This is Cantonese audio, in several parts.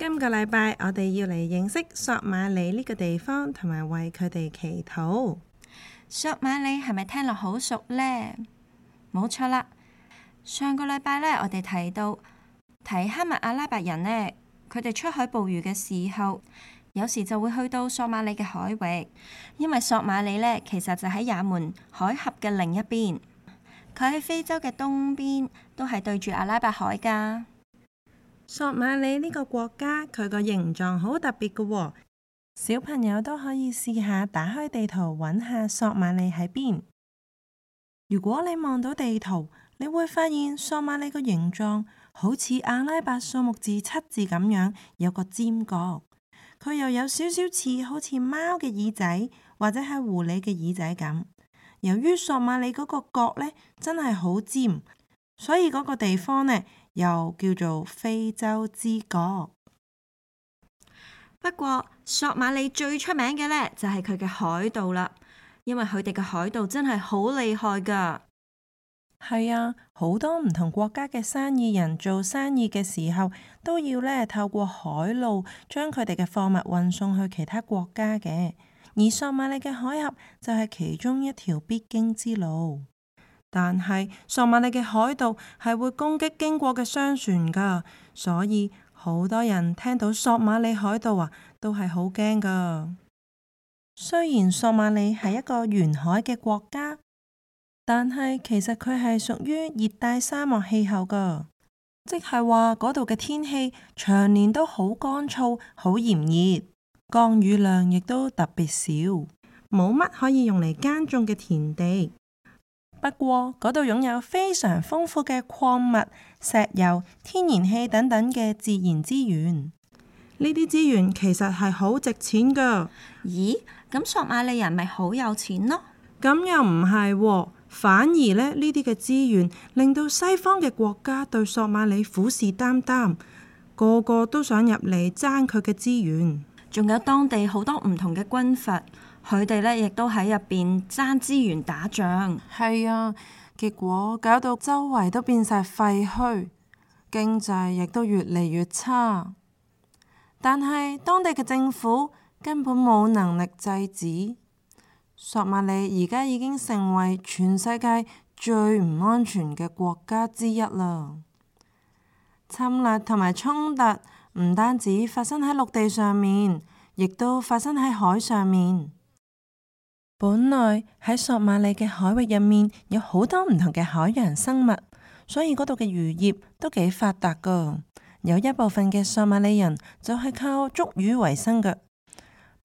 今個禮拜我哋要嚟認識索馬里呢個地方，同埋為佢哋祈禱。索馬里係咪聽落好熟呢？冇錯啦。上個禮拜呢，我哋提到提哈密阿拉伯人呢，佢哋出海捕魚嘅時候，有時就會去到索馬里嘅海域，因為索馬里呢其實就喺也門海峽嘅另一邊，佢喺非洲嘅東邊，都係對住阿拉伯海噶。索馬里呢個國家，佢個形狀好特別㗎喎。小朋友都可以試下打開地圖，揾下索馬里喺邊。如果你望到地圖，你會發現索馬里個形狀好似阿拉伯數目字七字咁樣，有個尖角。佢又有少少似好似貓嘅耳仔，或者係狐狸嘅耳仔咁。由於索馬里嗰個角呢真係好尖，所以嗰個地方呢，又叫做非洲之角。 不過索馬里最出名嘅呢，就係佢嘅海盜啦，因為佢哋嘅海盜真係好厲害噶。係啊，好多唔同國家嘅生意人做生意嘅時候，都要呢透過海路將佢哋嘅貨物運送去其他國家嘅。而索馬里嘅海峽就係其中一條必經之路。但係索馬里嘅海盜係會攻擊經過嘅商船噶，所以好多人聽到索馬里海盜啊，都係好驚噶。雖然索馬里係一個沿海嘅國家，但係其實佢係屬於熱帶沙漠氣候噶，即係話嗰度嘅天氣長年都好乾燥、好炎熱，降雨量亦都特別少，冇乜可以用嚟耕種嘅田地。不過嗰度擁有非常豐富嘅礦物、石油、天然氣等等嘅自然資源，呢啲資源其實係好值錢噶。咦？咁索馬里人咪好有錢咯？咁又唔係，反而咧呢啲嘅資源令到西方嘅國家對索馬里虎視眈眈，個個都想入嚟爭佢嘅資源。仲有當地好多唔同嘅軍閥。佢哋咧亦都喺入邊爭資源打仗，係啊，結果搞到周圍都變晒廢墟，經濟亦都越嚟越差。但係當地嘅政府根本冇能力制止，索馬里而家已經成為全世界最唔安全嘅國家之一啦。侵略同埋衝突唔單止發生喺陸地上面，亦都發生喺海上面。本來喺索馬里嘅海域入面有好多唔同嘅海洋生物，所以嗰度嘅漁業都幾發達噶。有一部分嘅索馬里人就係靠捉魚為生噶。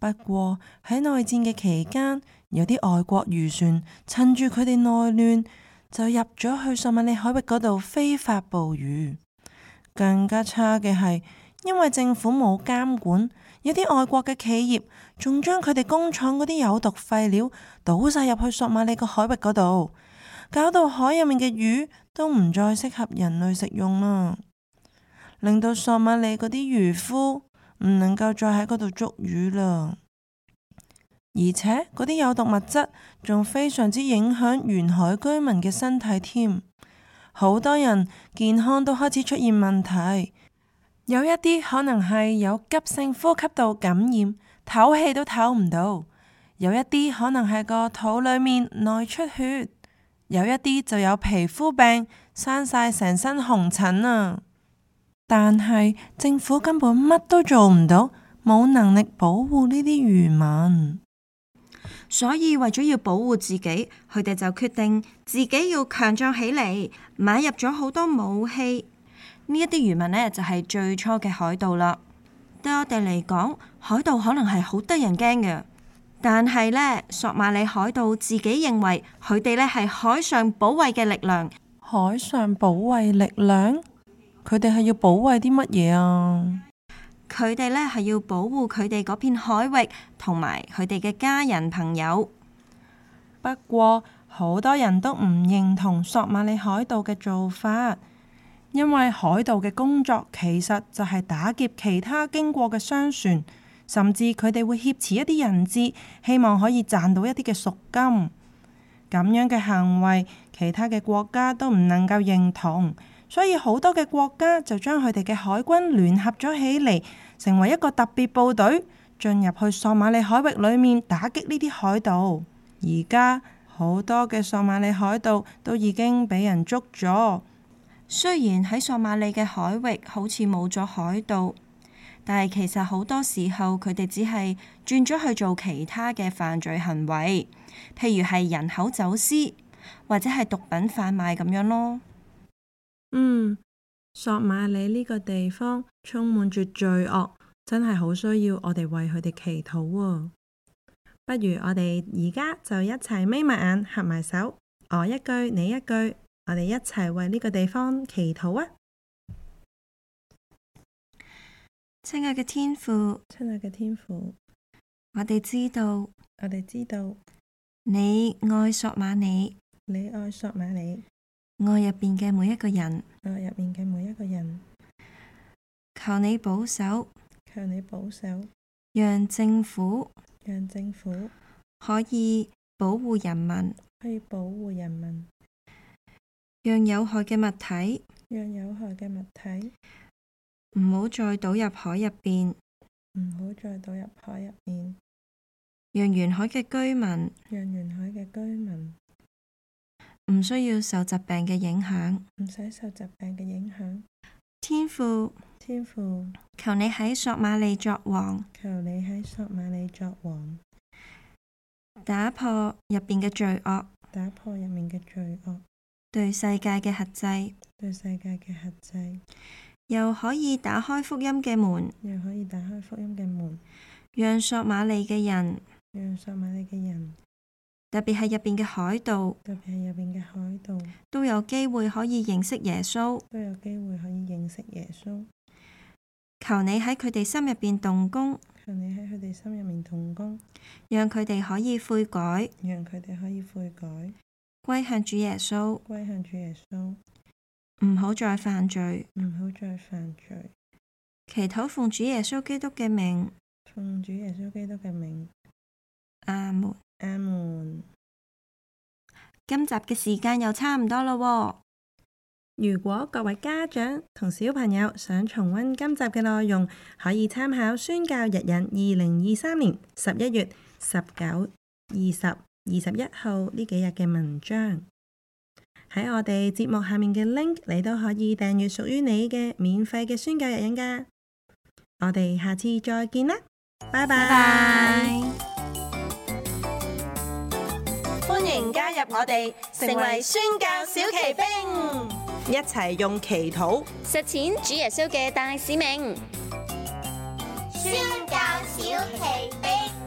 不過喺內戰嘅期間，有啲外國漁船趁住佢哋內亂就入咗去索馬里海域嗰度非法捕魚。更加差嘅係。因為政府冇監管，有啲外國嘅企業仲將佢哋工廠嗰啲有毒廢料倒晒入去索馬里個海域嗰度，搞到海入面嘅魚都唔再適合人類食用啦，令到索馬里嗰啲漁夫唔能夠再喺嗰度捉魚啦。而且嗰啲有毒物質仲非常之影響沿海居民嘅身體，添好多人健康都開始出現問題。有一啲可能係有急性呼吸道感染，唞氣都唞唔到；有一啲可能係個肚裏面內出血；有一啲就有皮膚病，生晒成身紅疹啊！但係政府根本乜都做唔到，冇能力保護呢啲漁民，所以為咗要保護自己，佢哋 m urs uit 不就決定自己要強壯起嚟，買入咗好多武器。呢一啲漁民呢，就係最初嘅海盜啦。對我哋嚟講，海盜可能係好得人驚嘅。但係呢，索馬里海盜自己認為佢哋呢係海上保衛嘅力量。海上保衛力量，佢哋係要保衛啲乜嘢啊？佢哋呢係要保護佢哋嗰片海域同埋佢哋嘅家人朋友。不過好多人都唔認同索馬里海盜嘅做法。因為海盜嘅工作其實就係打劫其他經過嘅商船，甚至佢哋會挾持一啲人質，希望可以賺到一啲嘅贖金。咁樣嘅行為，其他嘅國家都唔能夠認同，所以好多嘅國家就將佢哋嘅海軍聯合咗起嚟，成為一個特別部隊，進入去索馬里海域裏面打擊呢啲海盜。而家好多嘅索馬里海盜都已經俾人捉咗。雖然喺索馬里嘅海域好似冇咗海盜，但係其實好多時候佢哋只係轉咗去做其他嘅犯罪行為，譬如係人口走私或者係毒品販賣咁樣咯。嗯，索馬里呢個地方充滿住罪惡，真係好需要我哋為佢哋祈禱哦。不如我哋而家就一齊眯埋眼、合埋手，我一句你一句。我哋一齊為呢個地方祈禱啊！親愛嘅天父，親愛嘅天父，我哋知道，我哋知道你愛索馬里，你愛索馬里，愛入邊嘅每一個人，愛入邊嘅每一個人，求你保守，求你保守，讓政府，讓政府可以保護人民，可以保護人民。讓有害嘅物體，讓有害嘅物體唔好再倒入海入邊，唔好再倒入海入邊。讓沿海嘅居民，讓沿海嘅居民唔需要受疾病嘅影響，唔使受疾病嘅影響。天父，天父，求你喺索馬里作王，求你喺索馬里作王，打破入面嘅罪惡，打破入面嘅罪惡。對世界嘅核制，對世界嘅核制，又可以打開福音嘅門，又可以打開福音嘅門，讓索馬里嘅人，讓索馬里嘅人，特別係入邊嘅海盜，特別係入邊嘅海盜，都有機會可以認識耶穌，都有機會可以認識耶穌。求你喺佢哋心入邊動工，求你喺佢哋心入面動工，讓佢哋可以悔改，讓佢哋可以悔改。歸向主耶穌，歸向主耶穌，唔好再犯罪，唔好再犯罪，祈禱奉主耶穌基督嘅名，奉主耶穌基督嘅名。阿門們，阿門們。今集嘅時間又差唔多啦，如果各位家長同小朋友想重溫今集嘅內容，可以參考宣教日引二零二三年十一月十九、二十。二十一號呢幾日嘅文章，喺我哋節目下面嘅 link，你都可以訂閱屬於你嘅免費嘅宣教日引㗎。我哋下次再見啦，拜拜！歡迎加入我哋，成為宣教小奇兵，一齊用祈禱實踐主耶穌嘅大使命。宣教小奇兵。